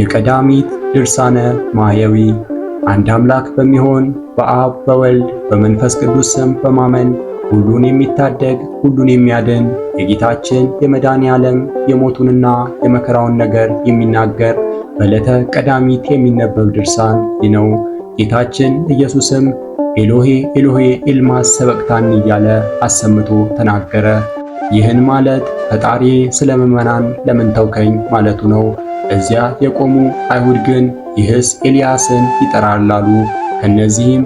የቀዳሚት ድርሳነ ማያዊ አንድ አምላክ በሚሆን በአብ በወልድ በመንፈስ ቅዱስ ስም በማመን ሁሉን የሚታደግ ሁሉን የሚያድን የጌታችን የመድኃኔ ዓለም የሞቱንና የመከራውን ነገር የሚናገር በዕለተ ቀዳሚት የሚነበብ ድርሳን ነው። ጌታችን ኢየሱስም ኤሎሄ ኤሎሄ ኤልማስ ሰበቅታን እያለ አሰምቶ ተናገረ። ይህን ማለት ፈጣሪ ስለ ምዕመናን ለምን ተውከኝ ማለቱ ነው። እዚያ የቆሙ አይሁድ ግን ይህስ ኤልያስን ይጠራል አሉ። ከእነዚህም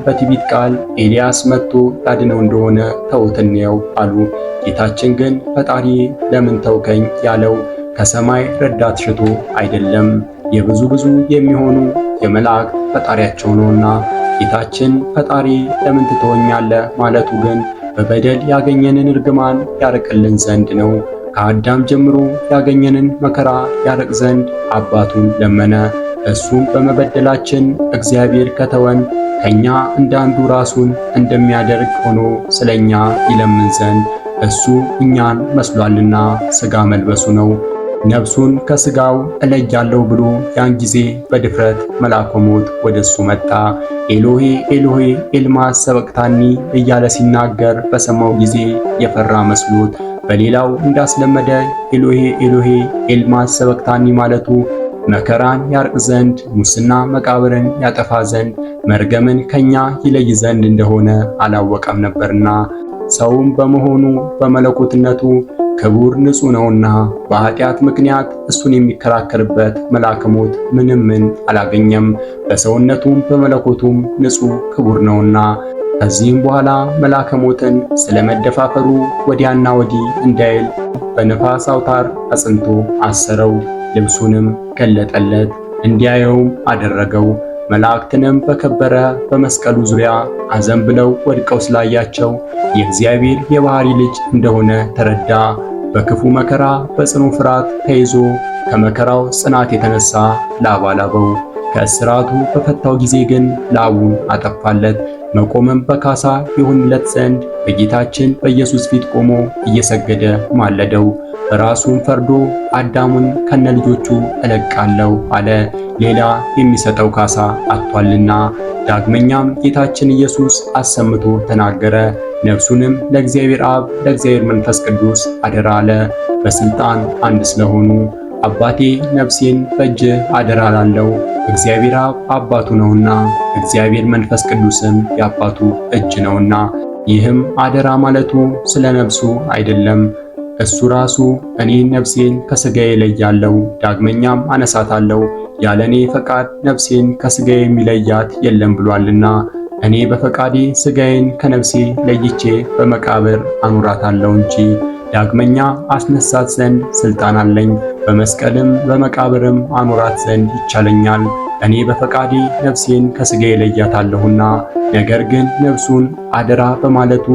ቃል ኤልያስ መጥቶ ያድነው እንደሆነ ተውት እንየው አሉ። ጌታችን ግን ፈጣሪ ለምን ተውከኝ ያለው ከሰማይ ረዳት ሽቶ አይደለም የብዙ ብዙ የሚሆኑ የመላእክት ፈጣሪያቸው ነውና። ጌታችን ፈጣሪ ለምን ትተወኛለህ ማለቱ ግን በበደል ያገኘንን እርግማን ያርቅልን ዘንድ ነው። ከአዳም ጀምሮ ያገኘንን መከራ ያርቅ ዘንድ አባቱን ለመነ። እሱም በመበደላችን እግዚአብሔር ከተወን ከኛ እንደ አንዱ ራሱን እንደሚያደርግ ሆኖ ስለኛ ይለምን ዘንድ እሱ እኛን መስሏልና ሥጋ መልበሱ ነው። ነፍሱን ከስጋው እለያለሁ ብሎ ያን ጊዜ በድፍረት መላኮሞት ሞት ወደ እሱ መጣ። ኤሎሄ ኤሎሄ ኤልማስ ሰበቅታኒ እያለ ሲናገር በሰማው ጊዜ የፈራ መስሎት በሌላው እንዳስለመደ ኤሎሄ ኤሎሄ ኤልማስ ሰበቅታኒ ማለቱ መከራን ያርቅ ዘንድ ሙስና መቃብርን ያጠፋ ዘንድ መርገምን ከኛ ይለይ ዘንድ እንደሆነ አላወቀም ነበርና ሰውም በመሆኑ በመለኮትነቱ ክቡር ንጹህ ነውና በኃጢአት ምክንያት እሱን የሚከራከርበት መልአከ ሞት ምንም ምን አላገኘም። በሰውነቱም በመለኮቱም ንጹህ ክቡር ነውና። ከዚህም በኋላ መልአከ ሞትን ስለመደፋፈሩ ወዲያና ወዲህ እንዳይል በነፋስ አውታር አጽንቶ አሰረው፣ ልብሱንም ገለጠለት፣ እንዲያየውም አደረገው። መላእክትንም በከበረ በመስቀሉ ዙሪያ አዘንብለው ወድቀው ስላያቸው የእግዚአብሔር የባህሪ ልጅ እንደሆነ ተረዳ። በክፉ መከራ በጽኑ ፍርሃት ተይዞ ከመከራው ጽናት የተነሳ ላባ ላበው። ከእስራቱ በፈታው ጊዜ ግን ላቡን አጠፋለት። መቆምም በካሳ ይሁንለት ዘንድ በጌታችን በኢየሱስ ፊት ቆሞ እየሰገደ ማለደው። ራሱን ፈርዶ አዳሙን ከነ ልጆቹ እለቃለሁ አለ፣ ሌላ የሚሰጠው ካሳ አጥቷልና። ዳግመኛም ጌታችን ኢየሱስ አሰምቶ ተናገረ። ነፍሱንም ለእግዚአብሔር አብ ለእግዚአብሔር መንፈስ ቅዱስ አደራ አለ። በስልጣን አንድ ስለሆኑ አባቴ ነፍሴን በእጅ አደራ ላለው እግዚአብሔር አብ አባቱ ነውና እግዚአብሔር መንፈስ ቅዱስም የአባቱ እጅ ነውና ይህም አደራ ማለቱ ስለ ነፍሱ አይደለም። እሱ ራሱ እኔ ነፍሴን ከስጋዬ ለያለው ዳግመኛም አነሳታለው፣ ያለ እኔ ፈቃድ ነፍሴን ከስጋዬ የሚለያት የለም ብሏልና እኔ በፈቃዴ ሥጋዬን ከነፍሴ ለይቼ በመቃብር አኑራታለሁ እንጂ ዳግመኛ አስነሳት ዘንድ ሥልጣን አለኝ። በመስቀልም በመቃብርም አኑራት ዘንድ ይቻለኛል። እኔ በፈቃዴ ነፍሴን ከሥጋዬ ለያታለሁና። ነገር ግን ነፍሱን አደራ በማለቱ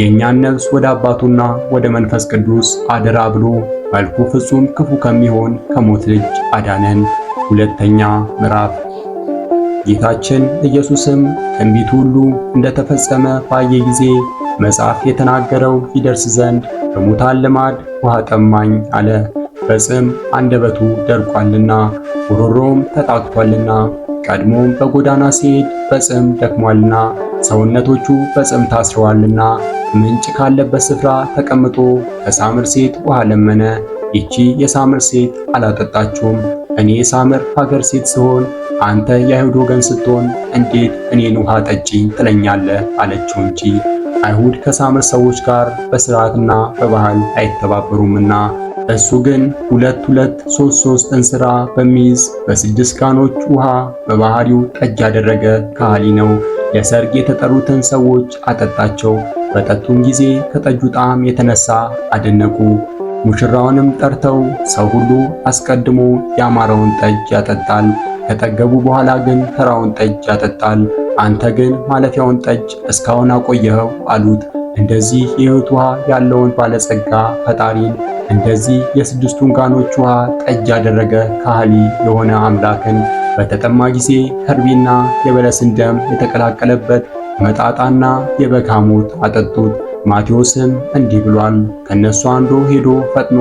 የእኛን ነፍስ ወደ አባቱና ወደ መንፈስ ቅዱስ አደራ ብሎ መልኩ ፍጹም ክፉ ከሚሆን ከሞት ልጅ አዳነን። ሁለተኛ ምዕራፍ ጌታችን ኢየሱስም ትንቢቱ ሁሉ እንደተፈጸመ ባየ ጊዜ መጽሐፍ የተናገረው ይደርስ ዘንድ በሙታን ልማድ ውሃ ጠማኝ አለ። በጽም አንደበቱ ደርቋልና ጉሮሮም ተጣቅቷልና ቀድሞም በጎዳና ሲሄድ በጽም ደክሟልና ሰውነቶቹ በጽም ታስረዋልና ምንጭ ካለበት ስፍራ ተቀምጦ ከሳምር ሴት ውሃ ለመነ። ይቺ የሳምር ሴት አላጠጣችውም። እኔ የሳምር ሀገር ሴት ስሆን አንተ የአይሁድ ወገን ስትሆን እንዴት እኔን ውሃ ጠጪኝ ትለኛለህ አለችው እንጂ አይሁድ ከሳምር ሰዎች ጋር በሥርዓትና በባህል አይተባበሩምና እሱ ግን ሁለት ሁለት ሶስት ሶስት እንስራ በሚይዝ በስድስት ጋኖች ውሃ በባህሪው ጠጅ ያደረገ ካህሊ ነው። ለሰርግ የተጠሩትን ሰዎች አጠጣቸው። በጠጡም ጊዜ ከጠጁ ጣዕም የተነሳ አደነቁ። ሙሽራውንም ጠርተው ሰው ሁሉ አስቀድሞ ያማረውን ጠጅ ያጠጣል ከጠገቡ በኋላ ግን ተራውን ጠጅ ያጠጣል። አንተ ግን ማለፊያውን ጠጅ እስካሁን አቆየኸው አሉት። እንደዚህ የሕይወት ውሃ ያለውን ባለጸጋ ፈጣሪን እንደዚህ የስድስቱን ጋኖች ውሃ ጠጅ ያደረገ ካህሊ የሆነ አምላክን በተጠማ ጊዜ ከርቢና የበለስን ደም የተቀላቀለበት መጣጣና የበግ ሐሞት አጠጡት። ማቴዎስም እንዲህ ብሏል። ከነሱ አንዱ ሄዶ ፈጥኖ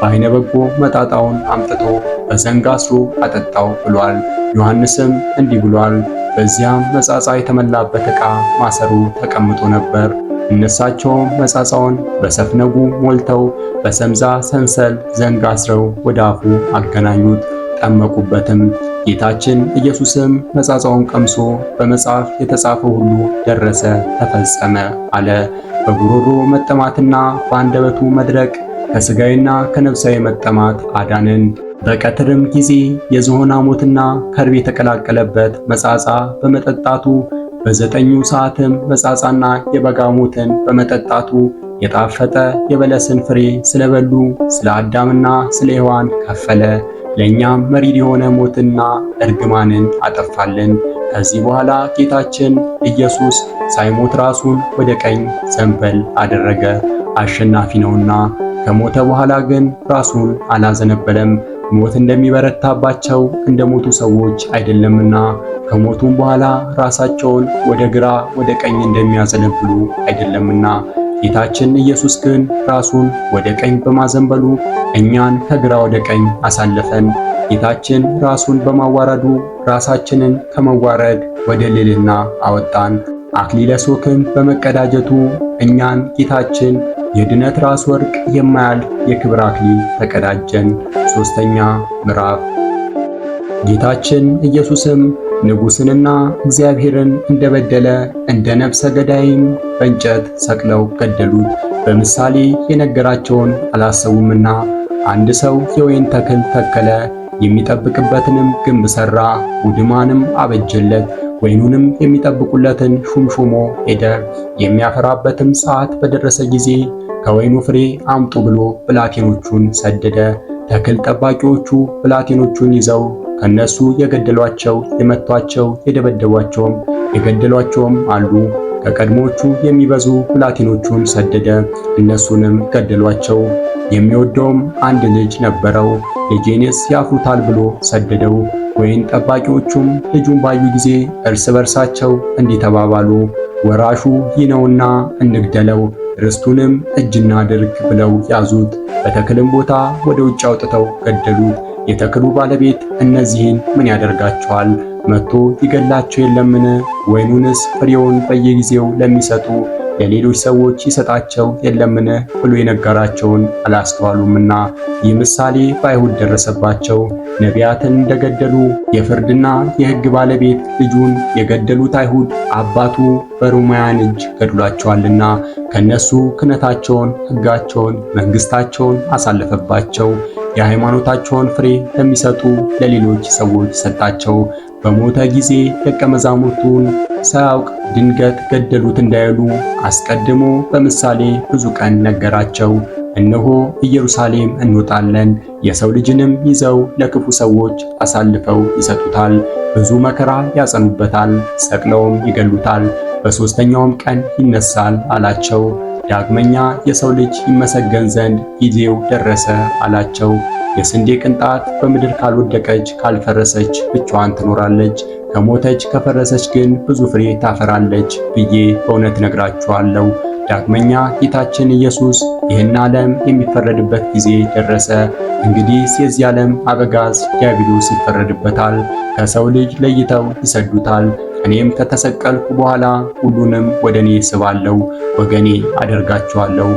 በአይነ በጎ መጣጣውን አምጥቶ በዘንግ አስሮ አጠጣው ብሏል። ዮሐንስም እንዲህ ብሏል። በዚያም መጻጻ የተመላበት ዕቃ ማሰሩ ተቀምጦ ነበር። እነሳቸውም መጻጻውን በሰፍነጉ ሞልተው በሰምዛ ሰንሰል ዘንግ አስረው ወደ አፉ አገናኙት፣ ጠመቁበትም። ጌታችን ኢየሱስም መጻጻውን ቀምሶ በመጽሐፍ የተጻፈ ሁሉ ደረሰ፣ ተፈጸመ አለ። በጉሮሮ መጠማትና በአንደበቱ መድረቅ ከሥጋዊና ከነፍሳዊ መጠማት አዳንን። በቀትርም ጊዜ የዝሆን ሐሞትና ከርቤ የተቀላቀለበት መጻጻ በመጠጣቱ በዘጠኙ ሰዓትም መጻጻና የበጋ ሐሞትን በመጠጣቱ የጣፈጠ የበለስን ፍሬ ስለበሉ ስለ አዳምና ስለ ሔዋን ከፈለ። ለእኛም መሪር የሆነ ሞትና እርግማንን አጠፋልን። ከዚህ በኋላ ጌታችን ኢየሱስ ሳይሞት ራሱን ወደ ቀኝ ዘንበል አደረገ፣ አሸናፊ ነውና። ከሞተ በኋላ ግን ራሱን አላዘነበለም። ሞት እንደሚበረታባቸው እንደሞቱ ሰዎች አይደለምና ከሞቱም በኋላ ራሳቸውን ወደ ግራ ወደ ቀኝ እንደሚያዘነብሉ አይደለምና ጌታችን ኢየሱስ ግን ራሱን ወደ ቀኝ በማዘንበሉ እኛን ከግራ ወደ ቀኝ አሳለፈን። ጌታችን ራሱን በማዋረዱ ራሳችንን ከመዋረድ ወደ ልዕልና አወጣን። አክሊለ ሦክን በመቀዳጀቱ እኛን ጌታችን የድነት ራስ ወርቅ የማያልፍ የክብር አክሊል ተቀዳጀን። ሶስተኛ ምዕራፍ ጌታችን ኢየሱስም ንጉሥንና እግዚአብሔርን እንደበደለ እንደ ነፍሰ ገዳይም በእንጨት ሰቅለው ገደሉት። በምሳሌ የነገራቸውን አላሰቡምና አንድ ሰው የወይን ተክል ተከለ፣ የሚጠብቅበትንም ግንብ ሠራ፣ ውድማንም አበጀለት ወይኑንም የሚጠብቁለትን ሹምሹሞ ሄደ። የሚያፈራበትም ሰዓት በደረሰ ጊዜ ከወይኑ ፍሬ አምጡ ብሎ ብላቴኖቹን ሰደደ። ተክል ጠባቂዎቹ ብላቴኖቹን ይዘው ከነሱ የገደሏቸው፣ የመቷቸው፣ የደበደቧቸውም የገደሏቸውም አሉ። ከቀድሞቹ የሚበዙ ብላቴኖቹን ሰደደ፣ እነሱንም ገደሏቸው። የሚወደውም አንድ ልጅ ነበረው። ልጄንስ ያፍሩታል ብሎ ሰደደው። ወይን ጠባቂዎቹም ልጁን ባዩ ጊዜ እርስ በርሳቸው እንዲህ ተባባሉ፣ ወራሹ ይህ ነውና እንግደለው፣ ርስቱንም እጅ እናድርግ ብለው ያዙት። በተክልም ቦታ ወደ ውጭ አውጥተው ገደሉት። የተክሉ ባለቤት እነዚህን ምን ያደርጋቸዋል? መጥቶ ይገላቸው የለምን? ወይኑንስ ፍሬውን በየጊዜው ለሚሰጡ ለሌሎች ሰዎች ይሰጣቸው የለምን ብሎ የነገራቸውን አላስተዋሉምና ይህ ምሳሌ በአይሁድ ደረሰባቸው። ነቢያትን እንደገደሉ የፍርድና የሕግ ባለቤት ልጁን የገደሉት አይሁድ አባቱ በሮማውያን እጅ ገድሏቸዋልና ከነሱ ክህነታቸውን፣ ሕጋቸውን፣ መንግስታቸውን አሳለፈባቸው። የሃይማኖታቸውን ፍሬ ለሚሰጡ ለሌሎች ሰዎች ሰጣቸው። በሞተ ጊዜ ደቀ መዛሙርቱን ሳያውቅ ድንገት ገደሉት እንዳይሉ አስቀድሞ በምሳሌ ብዙ ቀን ነገራቸው። እነሆ ኢየሩሳሌም እንወጣለን፣ የሰው ልጅንም ይዘው ለክፉ ሰዎች አሳልፈው ይሰጡታል፣ ብዙ መከራ ያጸኑበታል፣ ሰቅለውም ይገሉታል፣ በሦስተኛውም ቀን ይነሳል አላቸው። ዳግመኛ የሰው ልጅ ይመሰገን ዘንድ ጊዜው ደረሰ አላቸው። የስንዴ ቅንጣት በምድር ካልወደቀች ካልፈረሰች ብቻዋን ትኖራለች፣ ከሞተች ከፈረሰች ግን ብዙ ፍሬ ታፈራለች ብዬ በእውነት ነግራችኋለሁ። ዳግመኛ ጌታችን ኢየሱስ ይህን ዓለም የሚፈረድበት ጊዜ ደረሰ። እንግዲህ የዚህ ዓለም አበጋዝ ዲያብሎስ ይፈረድበታል፣ ከሰው ልጅ ለይተው ይሰዱታል። እኔም ከተሰቀልኩ በኋላ ሁሉንም ወደ እኔ ስባለሁ፣ ወገኔ አደርጋቸዋለሁ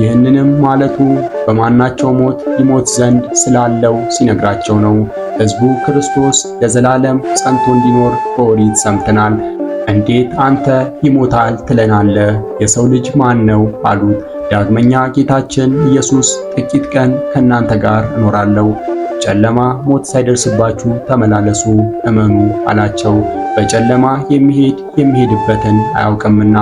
ይህንንም ማለቱ በማናቸው ሞት ይሞት ዘንድ ስላለው ሲነግራቸው ነው። ሕዝቡ ክርስቶስ ለዘላለም ጸንቶ እንዲኖር በኦሪት ሰምተናል፣ እንዴት አንተ ይሞታል ትለናለህ? የሰው ልጅ ማን ነው አሉት። ዳግመኛ ጌታችን ኢየሱስ ጥቂት ቀን ከእናንተ ጋር እኖራለሁ፣ ጨለማ ሞት ሳይደርስባችሁ ተመላለሱ፣ እመኑ አላቸው። በጨለማ የሚሄድ የሚሄድበትን አያውቅምና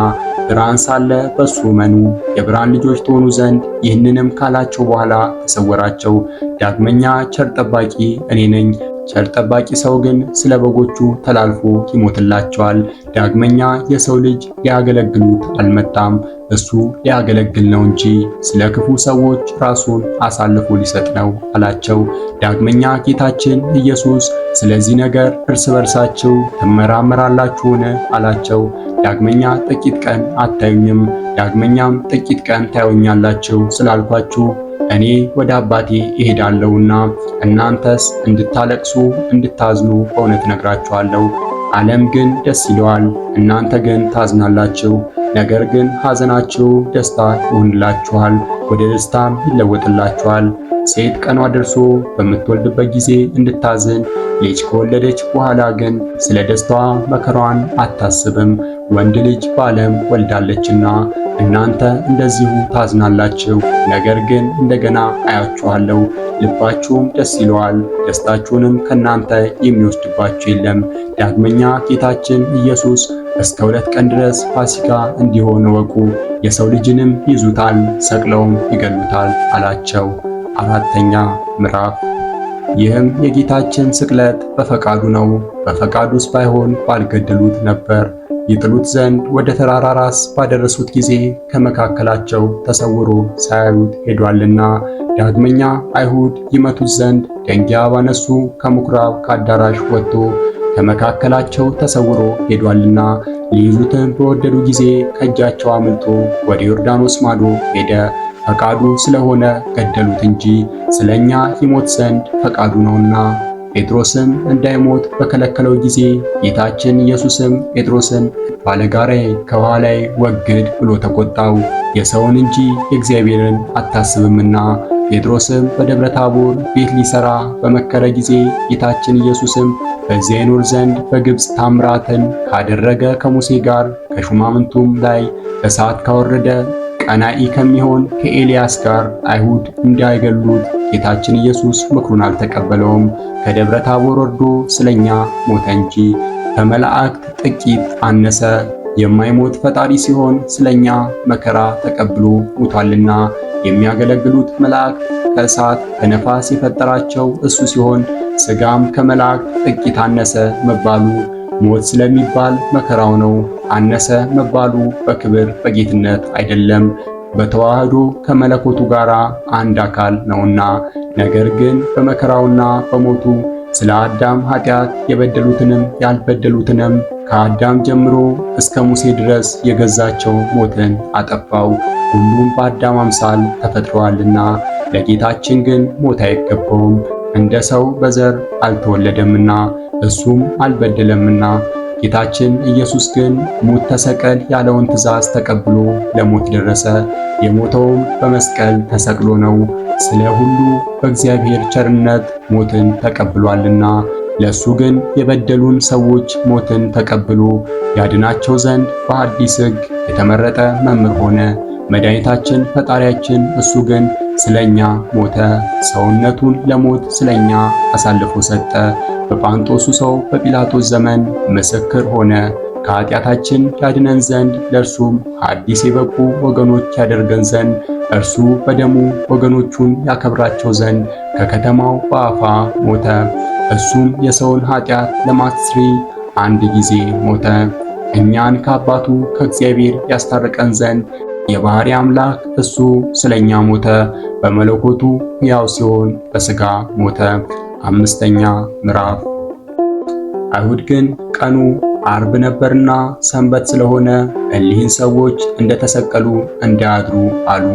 ብርሃን ሳለ በእሱ መኑ የብርሃን ልጆች ትሆኑ ዘንድ ይህንንም ካላቸው በኋላ ተሰወራቸው። ዳግመኛ ቸር ጠባቂ እኔ ነኝ ቸር ጠባቂ ሰው ግን ስለ በጎቹ ተላልፎ ይሞትላቸዋል። ዳግመኛ የሰው ልጅ ሊያገለግሉት አልመጣም፣ እሱ ሊያገለግል ነው እንጂ ስለ ክፉ ሰዎች ራሱን አሳልፎ ሊሰጥ ነው አላቸው። ዳግመኛ ጌታችን ኢየሱስ ስለዚህ ነገር እርስ በርሳችሁ ትመራመራላችሁን አላቸው። ዳግመኛ ጥቂት ቀን አታዩኝም፣ ዳግመኛም ጥቂት ቀን ታዩኛላችሁ ስላልኳችሁ እኔ ወደ አባቴ እሄዳለሁና እናንተስ እንድታለቅሱ እንድታዝኑ በእውነት ነግራችኋለሁ። ዓለም ግን ደስ ይለዋል፣ እናንተ ግን ታዝናላችሁ። ነገር ግን ሐዘናችሁ ደስታ ይሆንላችኋል፣ ወደ ደስታም ይለወጥላችኋል። ሴት ቀኗ ደርሶ በምትወልድበት ጊዜ እንድታዝን ልጅ ከወለደች በኋላ ግን ስለ ደስታዋ መከራዋን አታስብም፣ ወንድ ልጅ በዓለም ወልዳለችና። እናንተ እንደዚሁ ታዝናላችሁ፣ ነገር ግን እንደገና አያችኋለሁ፣ ልባችሁም ደስ ይለዋል፣ ደስታችሁንም ከእናንተ የሚወስድባችሁ የለም። ዳግመኛ ጌታችን ኢየሱስ እስከ ሁለት ቀን ድረስ ፋሲካ እንዲሆን እወቁ፣ የሰው ልጅንም ይዙታል፣ ሰቅለውም ይገሉታል አላቸው። አራተኛ ምዕራፍ ይህም የጌታችን ስቅለት በፈቃዱ ነው። በፈቃዱስ ባይሆን ባልገደሉት ነበር። ይጥሉት ዘንድ ወደ ተራራ ራስ ባደረሱት ጊዜ ከመካከላቸው ተሰውሮ ሳያዩት ሄዷልና። ዳግመኛ አይሁድ ይመቱት ዘንድ ደንጊያ ባነሱ ከምኩራብ ከአዳራሽ ወጥቶ ከመካከላቸው ተሰውሮ ሄዷልና። ሊይዙትን በወደዱ ጊዜ ከእጃቸው አምልጦ ወደ ዮርዳኖስ ማዶ ሄደ። ፈቃዱ ስለሆነ ገደሉት እንጂ ስለኛ ይሞት ዘንድ ፈቃዱ ነውና። ጴጥሮስም እንዳይሞት በከለከለው ጊዜ ጌታችን ኢየሱስም ጴጥሮስን ባለጋራዬ ከኋላዬ ወግድ ብሎ ተቆጣው፣ የሰውን እንጂ የእግዚአብሔርን አታስብምና። ጴጥሮስም በደብረ ታቦር ቤት ሊሰራ በመከረ ጊዜ ጌታችን ኢየሱስም በዚያ ይኖር ዘንድ በግብፅ ታምራትን ካደረገ ከሙሴ ጋር ከሹማምንቱም ላይ እሳት ካወረደ ቀናኢ ከሚሆን ከኤልያስ ጋር አይሁድ እንዳይገሉት ጌታችን ኢየሱስ ምክሩን አልተቀበለውም። ከደብረ ታቦር ወርዶ ስለኛ ሞተ እንጂ ከመላእክት ጥቂት አነሰ። የማይሞት ፈጣሪ ሲሆን ስለኛ መከራ ተቀብሎ ሞቷልና። የሚያገለግሉት መላእክት ከእሳት ከነፋስ የፈጠራቸው እሱ ሲሆን ስጋም ከመላእክት ጥቂት አነሰ መባሉ ሞት ስለሚባል መከራው ነው። አነሰ መባሉ በክብር በጌትነት አይደለም። በተዋህዶ ከመለኮቱ ጋር አንድ አካል ነውና። ነገር ግን በመከራውና በሞቱ ስለ አዳም ኃጢአት የበደሉትንም ያልበደሉትንም ከአዳም ጀምሮ እስከ ሙሴ ድረስ የገዛቸው ሞትን አጠፋው። ሁሉም በአዳም አምሳል ተፈጥረዋልና ለጌታችን ግን ሞት አይገባውም፣ እንደ ሰው በዘር አልተወለደምና እሱም አልበደለምና ጌታችን ኢየሱስ ግን ሙት ተሰቀል ያለውን ትእዛዝ ተቀብሎ ለሞት ደረሰ። የሞተውም በመስቀል ተሰቅሎ ነው። ስለ ሁሉ በእግዚአብሔር ቸርነት ሞትን ተቀብሏልና ለእሱ ግን የበደሉን ሰዎች ሞትን ተቀብሎ ያድናቸው ዘንድ በአዲስ ሕግ የተመረጠ መምህር ሆነ። መድኃኒታችን ፈጣሪያችን እሱ ግን ስለኛ ሞተ፣ ሰውነቱን ለሞት ስለኛ አሳልፎ ሰጠ። በጳንጦሱ ሰው በጲላጦስ ዘመን ምስክር ሆነ፣ ከኃጢአታችን ያድነን ዘንድ ለእርሱም አዲስ የበቁ ወገኖች ያደርገን ዘንድ እርሱ በደሙ ወገኖቹን ያከብራቸው ዘንድ ከከተማው በአፋ ሞተ። እሱም የሰውን ኃጢአት ለማስሪ አንድ ጊዜ ሞተ፣ እኛን ከአባቱ ከእግዚአብሔር ያስታርቀን ዘንድ የባህሪ አምላክ እሱ ስለኛ ሞተ፣ በመለኮቱ ሕያው ሲሆን በስጋ ሞተ። አምስተኛ ምዕራፍ። አይሁድ ግን ቀኑ አርብ ነበርና ሰንበት ስለሆነ እሊህን ሰዎች እንደተሰቀሉ እንዳያድሩ አሉ፣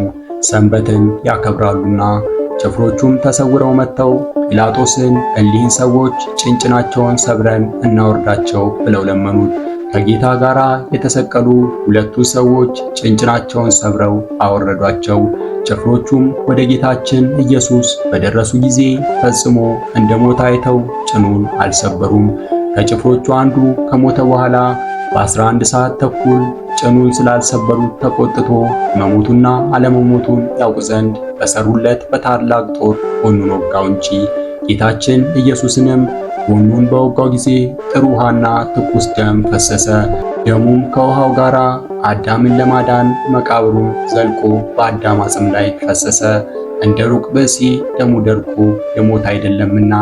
ሰንበትን ያከብራሉና። ጭፍሮቹም ተሰውረው መጥተው ጲላጦስን እሊህን ሰዎች ጭንጭናቸውን ሰብረን እናወርዳቸው ብለው ለመኑት። ከጌታ ጋር የተሰቀሉ ሁለቱ ሰዎች ጭንጭራቸውን ሰብረው አወረዷቸው። ጭፍሮቹም ወደ ጌታችን ኢየሱስ በደረሱ ጊዜ ፈጽሞ እንደ ሞተ አይተው ጭኑን አልሰበሩም። ከጭፍሮቹ አንዱ ከሞተ በኋላ በ11 ሰዓት ተኩል ጭኑን ስላልሰበሩት ተቆጥቶ መሞቱና አለመሞቱን ያውቅ ዘንድ በሰሩለት በታላቅ ጦር ሆኑ ወጋው እንጂ ጌታችን ኢየሱስንም ጎኑን በወጋው ጊዜ ጥሩ ውሃና ትኩስ ደም ፈሰሰ። ደሙም ከውሃው ጋር አዳምን ለማዳን መቃብሩን ዘልቆ በአዳም አጽም ላይ ፈሰሰ። እንደ ሩቅ ብእሲ ደሙ ደርቆ የሞት አይደለምና።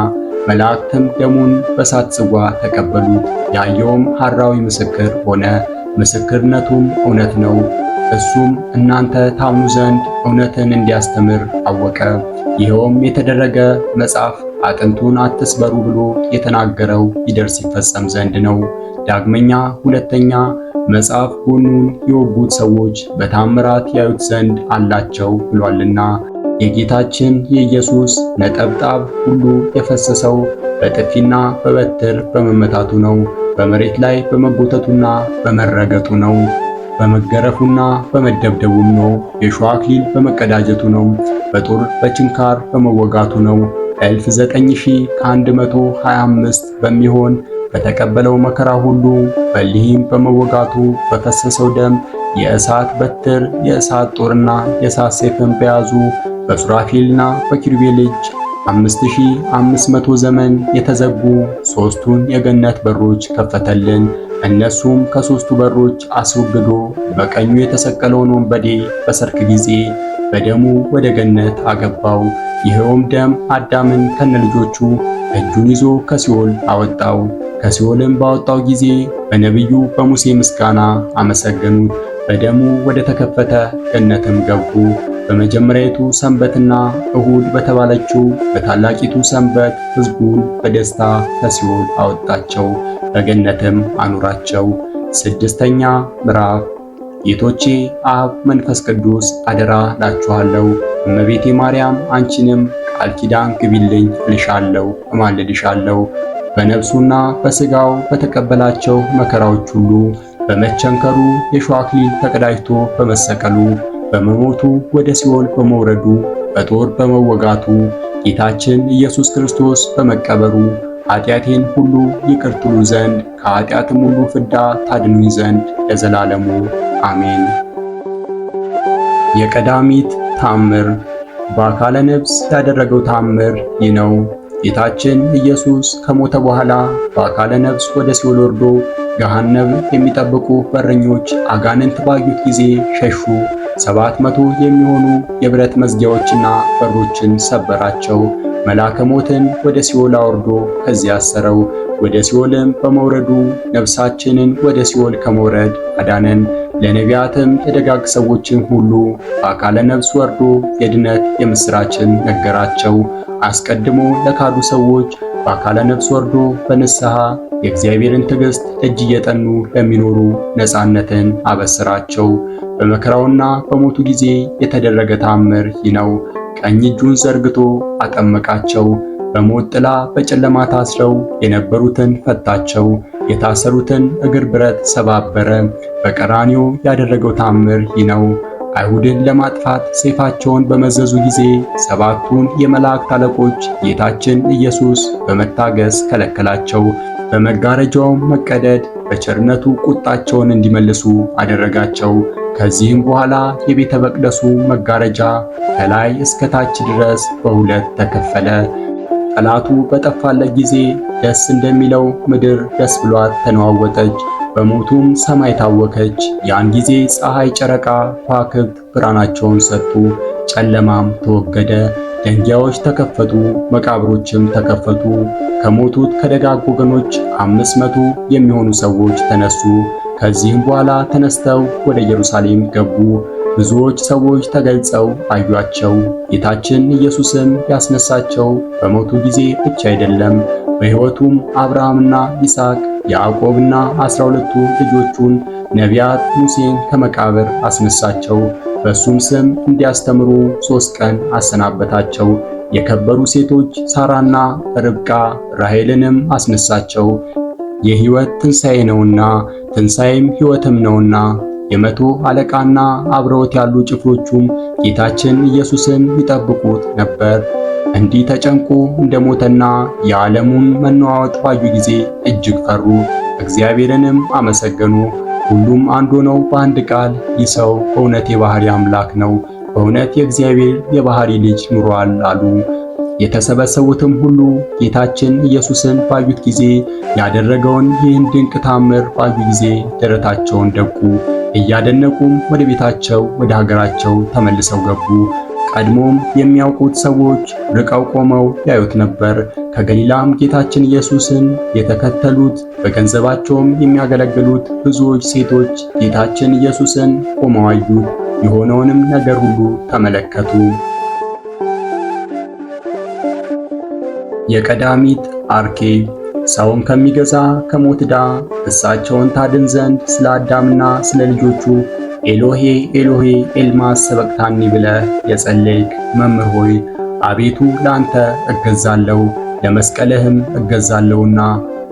መላእክትም ደሙን በሳት ጽዋ ተቀበሉት። ያየውም ሐራዊ ምስክር ሆነ፣ ምስክርነቱም እውነት ነው። እሱም እናንተ ታምኑ ዘንድ እውነትን እንዲያስተምር አወቀ። ይኸውም የተደረገ መጽሐፍ አጥንቱን አትስበሩ ብሎ የተናገረው ይደርስ ይፈጸም ዘንድ ነው። ዳግመኛ ሁለተኛ መጽሐፍ ጎኑን የወጉት ሰዎች በታምራት ያዩት ዘንድ አላቸው ብሏልና የጌታችን የኢየሱስ ነጠብጣብ ሁሉ የፈሰሰው በጥፊና በበትር በመመታቱ ነው። በመሬት ላይ በመጎተቱና በመረገጡ ነው። በመገረፉና በመደብደቡም ነው። የሾህ አክሊል በመቀዳጀቱ ነው። በጦር በችንካር በመወጋቱ ነው። ከ9,125 በሚሆን በተቀበለው መከራ ሁሉ በሊህም በመወጋቱ በፈሰሰው ደም የእሳት በትር፣ የእሳት ጦርና የእሳት ሰይፍን በያዙ በሱራፊልና በኪሩቤል እጅ 5500 ዘመን የተዘጉ ሦስቱን የገነት በሮች ከፈተልን። እነሱም ከሦስቱ በሮች አስወግዶ በቀኙ የተሰቀለውን ወንበዴ በሰርክ ጊዜ በደሙ ወደ ገነት አገባው። ይኸውም ደም አዳምን ከነልጆቹ እጁን ይዞ ከሲኦል አወጣው። ከሲኦልም ባወጣው ጊዜ በነቢዩ በሙሴ ምስጋና አመሰገኑት። በደሙ ወደ ተከፈተ ገነትም ገቡ። በመጀመሪያይቱ ሰንበትና እሁድ በተባለችው በታላቂቱ ሰንበት ሕዝቡን በደስታ ከሲኦል አወጣቸው፣ በገነትም አኑራቸው። ስድስተኛ ምዕራፍ ጌቶቼ አብ መንፈስ ቅዱስ አደራ ላችኋለሁ። እመቤቴ ማርያም አንቺንም ቃል ኪዳን ግቢልኝ እልሻለሁ እማልድሻለሁ። በነፍሱና በሥጋው በተቀበላቸው መከራዎች ሁሉ በመቸንከሩ የሾህ አክሊል ተቀዳጅቶ በመሰቀሉ በመሞቱ ወደ ሲኦል በመውረዱ በጦር በመወጋቱ ጌታችን ኢየሱስ ክርስቶስ በመቀበሩ ኃጢአቴን ሁሉ ይቅር ትሉ ዘንድ ከኃጢአትም ሁሉ ፍዳ ታድኑኝ ዘንድ ለዘላለሙ አሜን። የቀዳሚት ታምር በአካለ ነፍስ ያደረገው ታምር ይህ ነው። ጌታችን ኢየሱስ ከሞተ በኋላ በአካለ ነፍስ ወደ ሲኦል ወርዶ ገሃነም የሚጠብቁ በረኞች አጋንንት ባዩት ጊዜ ሸሹ። ሰባት መቶ የሚሆኑ የብረት መዝጊያዎችና በሮችን ሰበራቸው። መልአከ ሞትን ወደ ሲኦል አውርዶ ከዚያ አሰረው። ወደ ሲኦልም በመውረዱ ነፍሳችንን ወደ ሲኦል ከመውረድ አዳነን። ለነቢያትም የደጋግ ሰዎችን ሁሉ በአካለ ነፍስ ወርዶ የድነት የምስራችን ነገራቸው። አስቀድሞ ለካዱ ሰዎች በአካለ ነፍስ ወርዶ በንስሐ የእግዚአብሔርን ትዕግሥት እጅ እየጠኑ ለሚኖሩ ነፃነትን አበስራቸው። በመከራውና በሞቱ ጊዜ የተደረገ ታምር ይህ ነው። ቀኝ እጁን ዘርግቶ አጠመቃቸው። በሞት ጥላ በጨለማ ታስረው የነበሩትን ፈታቸው። የታሰሩትን እግር ብረት ሰባበረ። በቀራንዮ ያደረገው ታምር ይህ ነው። አይሁድን ለማጥፋት ሰይፋቸውን በመዘዙ ጊዜ ሰባቱን የመላእክት አለቆች ጌታችን ኢየሱስ በመታገስ ከለከላቸው። በመጋረጃውም መቀደድ በቸርነቱ ቁጣቸውን እንዲመልሱ አደረጋቸው። ከዚህም በኋላ የቤተ መቅደሱ መጋረጃ ከላይ እስከ ታች ድረስ በሁለት ተከፈለ። ጠላቱ በጠፋለት ጊዜ ደስ እንደሚለው ምድር ደስ ብሏት ተነዋወጠች፣ በሞቱም ሰማይ ታወከች። ያን ጊዜ ፀሐይ፣ ጨረቃ፣ ከዋክብት ብርሃናቸውን ሰጡ፣ ጨለማም ተወገደ። ደንጊያዎች ተከፈቱ፣ መቃብሮችም ተከፈቱ። ከሞቱት ከደጋግ ወገኖች አምስት መቶ የሚሆኑ ሰዎች ተነሱ። ከዚህም በኋላ ተነስተው ወደ ኢየሩሳሌም ገቡ። ብዙዎች ሰዎች ተገልጸው አዩአቸው። ጌታችን ኢየሱስም ያስነሳቸው በሞቱ ጊዜ ብቻ አይደለም፣ በሕይወቱም አብርሃምና ይስሐቅ ያዕቆብና አስራ ሁለቱ ልጆቹን ነቢያት ሙሴን ከመቃብር አስነሳቸው። በእሱም ስም እንዲያስተምሩ ሦስት ቀን አሰናበታቸው። የከበሩ ሴቶች ሳራና ርብቃ ራሔልንም አስነሳቸው። የሕይወት ትንሣኤ ነውና ትንሣኤም ሕይወትም ነውና የመቶ አለቃና አብረውት ያሉ ጭፍሮቹም ጌታችን ኢየሱስን ይጠብቁት ነበር። እንዲህ ተጨንቆ እንደሞተና የዓለሙን መነዋወጥ ባዩ ጊዜ እጅግ ፈሩ፣ እግዚአብሔርንም አመሰገኑ። ሁሉም አንድ ሆነው በአንድ ቃል ይህ ሰው በእውነት የባሕርይ አምላክ ነው፣ በእውነት የእግዚአብሔር የባሕርይ ልጅ ኑሯል አሉ። የተሰበሰቡትም ሁሉ ጌታችን ኢየሱስን ባዩት ጊዜ ያደረገውን ይህን ድንቅ ታምር ባዩ ጊዜ ደረታቸውን ደቁ። እያደነቁም ወደ ቤታቸው ወደ ሀገራቸው ተመልሰው ገቡ። ቀድሞም የሚያውቁት ሰዎች ርቀው ቆመው ያዩት ነበር። ከገሊላም ጌታችን ኢየሱስን የተከተሉት በገንዘባቸውም የሚያገለግሉት ብዙዎች ሴቶች ጌታችን ኢየሱስን ቆመው አዩት። የሆነውንም ነገር ሁሉ ተመለከቱ። የቀዳሚት አርኬ ሰውን ከሚገዛ ከሞት ዕዳ እሳቸውን ታድን ዘንድ ስለ አዳምና ስለ ልጆቹ ኤሎሄ ኤሎሄ ኤልማስ ሰበቅታኒ ብለህ የጸለይክ መምህር ሆይ አቤቱ ለአንተ እገዛለሁ ለመስቀልህም እገዛለሁና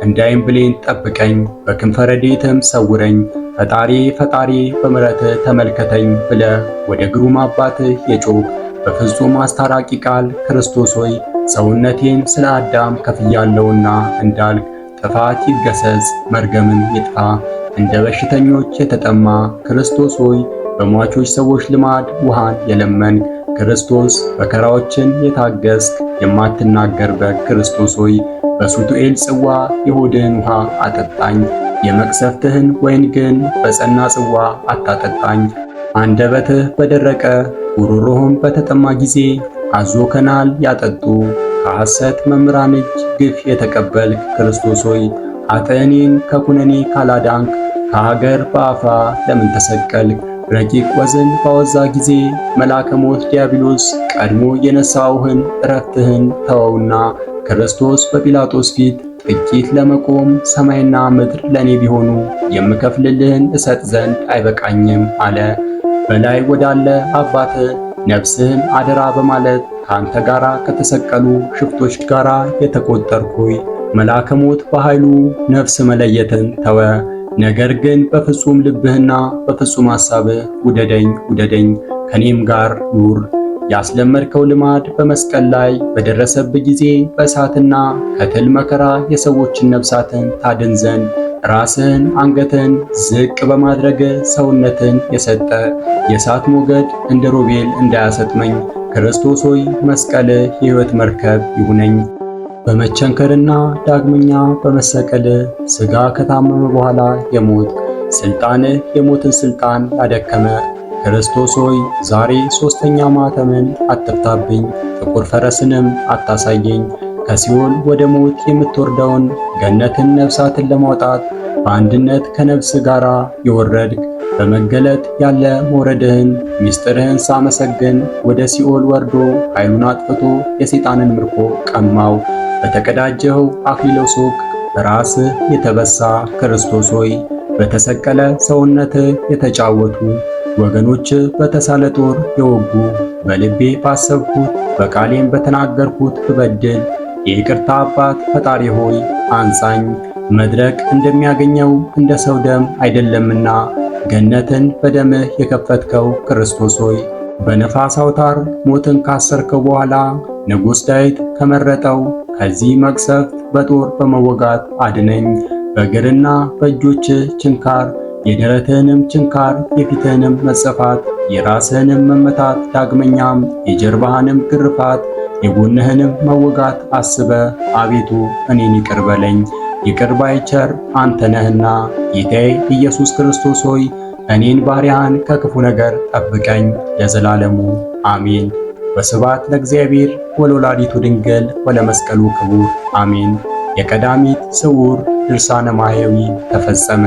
እንዳይም ብሌን ጠብቀኝ፣ በክንፈ ሰውረኝ። ፈጣሪ ፈጣሪ በምሕረትህ ተመልከተኝ ብለህ ወደ ግሩም አባትህ የጮክ በፍጹም አስታራቂ ቃል ክርስቶስ ሆይ ሰውነቴን ስለ አዳም ከፍያለውና እንዳልክ ጥፋት ይገሰጽ መርገምን ይጥፋ። እንደ በሽተኞች የተጠማ ክርስቶስ ሆይ በሟቾች ሰዎች ልማድ ውሃን የለመንክ ክርስቶስ መከራዎችን የታገስክ የማትናገር በግ ክርስቶስ ሆይ በሱቱኤል ጽዋ የሆድህን ውሃ አጠጣኝ፣ የመቅሰፍትህን ወይን ግን በጸና ጽዋ አታጠጣኝ። አንደበትህ በደረቀ ጉሮሮህም በተጠማ ጊዜ አዞ ከናል ያጠጡ ከሐሰት መምህራን እጅ ግፍ የተቀበልክ ክርስቶስ ሆይ አጠኔን ከኩነኔ ካላዳንክ ከሀገር በአፋ ለምን ተሰቀልክ? ረቂቅ ወዘን ባወዛ ጊዜ መልአከ ሞት ዲያብሎስ ቀድሞ የነሳውህን እረፍትህን ተወውና ክርስቶስ በጲላጦስ ፊት ጥቂት ለመቆም ሰማይና ምድር ለኔ ቢሆኑ የምከፍልልህን እሰጥ ዘንድ አይበቃኝም አለ። በላይ ወዳለ አባትህ ነፍስህን አደራ በማለት ከአንተ ጋር ከተሰቀሉ ሽፍቶች ጋር የተቆጠርኩኝ መልአከ ሞት በኃይሉ ነፍስ መለየትን ተወ። ነገር ግን በፍጹም ልብህና በፍጹም ሐሳብህ ውደደኝ ውደደኝ፣ ከኔም ጋር ኑር። ያስለመድከው ልማድ በመስቀል ላይ በደረሰብህ ጊዜ በእሳትና ከትል መከራ የሰዎችን ነፍሳትን ታድን ዘንድ ራስን አንገትን ዝቅ በማድረግ ሰውነትን የሰጠ የእሳት ሞገድ እንደ ሮቤል እንዳያሰጥመኝ ክርስቶስ ሆይ መስቀል የሕይወት መርከብ ይሁነኝ። በመቸንከርና ዳግመኛ በመሰቀል ሥጋ ከታመመ በኋላ የሞት ስልጣን የሞትን ሥልጣን ያደከመ ክርስቶስ ሆይ ዛሬ ሦስተኛ ማተምን አትፍታብኝ፣ ጥቁር ፈረስንም አታሳየኝ። ከሲኦል ወደ ሞት የምትወርደውን ገነትን ነፍሳትን ለማውጣት በአንድነት ከነፍስ ጋር የወረድክ በመገለጥ ያለ መውረድህን ሚስጥርህን ሳመሰግን ወደ ሲኦል ወርዶ ኃይሉን አጥፍቶ የሰይጣንን ምርኮ ቀማው። በተቀዳጀው አክሊለ ሦክ በራስህ የተበሳ ክርስቶስ ሆይ በተሰቀለ ሰውነትህ የተጫወቱ ወገኖች በተሳለ ጦር የወጉ በልቤ ባሰብኩት በቃሌም በተናገርኩት ብበድል የይቅርታ አባት ፈጣሪ ሆይ አንጻኝ። መድረቅ እንደሚያገኘው እንደ ሰው ደም አይደለምና ገነትን በደምህ የከፈትከው ክርስቶስ ሆይ በነፋስ አውታር ሞትን ካሰርከው በኋላ ንጉሥ ዳዊት ከመረጠው ከዚህ መቅሰፍት በጦር በመወጋት አድነኝ። በእግርና በእጆች ችንካር የደረትህንም ችንካር የፊትህንም መጸፋት የራስህንም መመታት ዳግመኛም የጀርባህንም ግርፋት የጎንህንም መወጋት አስበ አቤቱ እኔን ይቅር በለኝ። ይቅር ባይቸር አንተ ነህና፣ ጌቴ ኢየሱስ ክርስቶስ ሆይ እኔን ባሪያህን ከክፉ ነገር ጠብቀኝ ለዘላለሙ አሜን። በስባት ለእግዚአብሔር ወለወላዲቱ ድንግል ወለመስቀሉ ክቡር አሜን። የቀዳሚት ስውር ድርሳነ ማኅየዊ ተፈጸመ።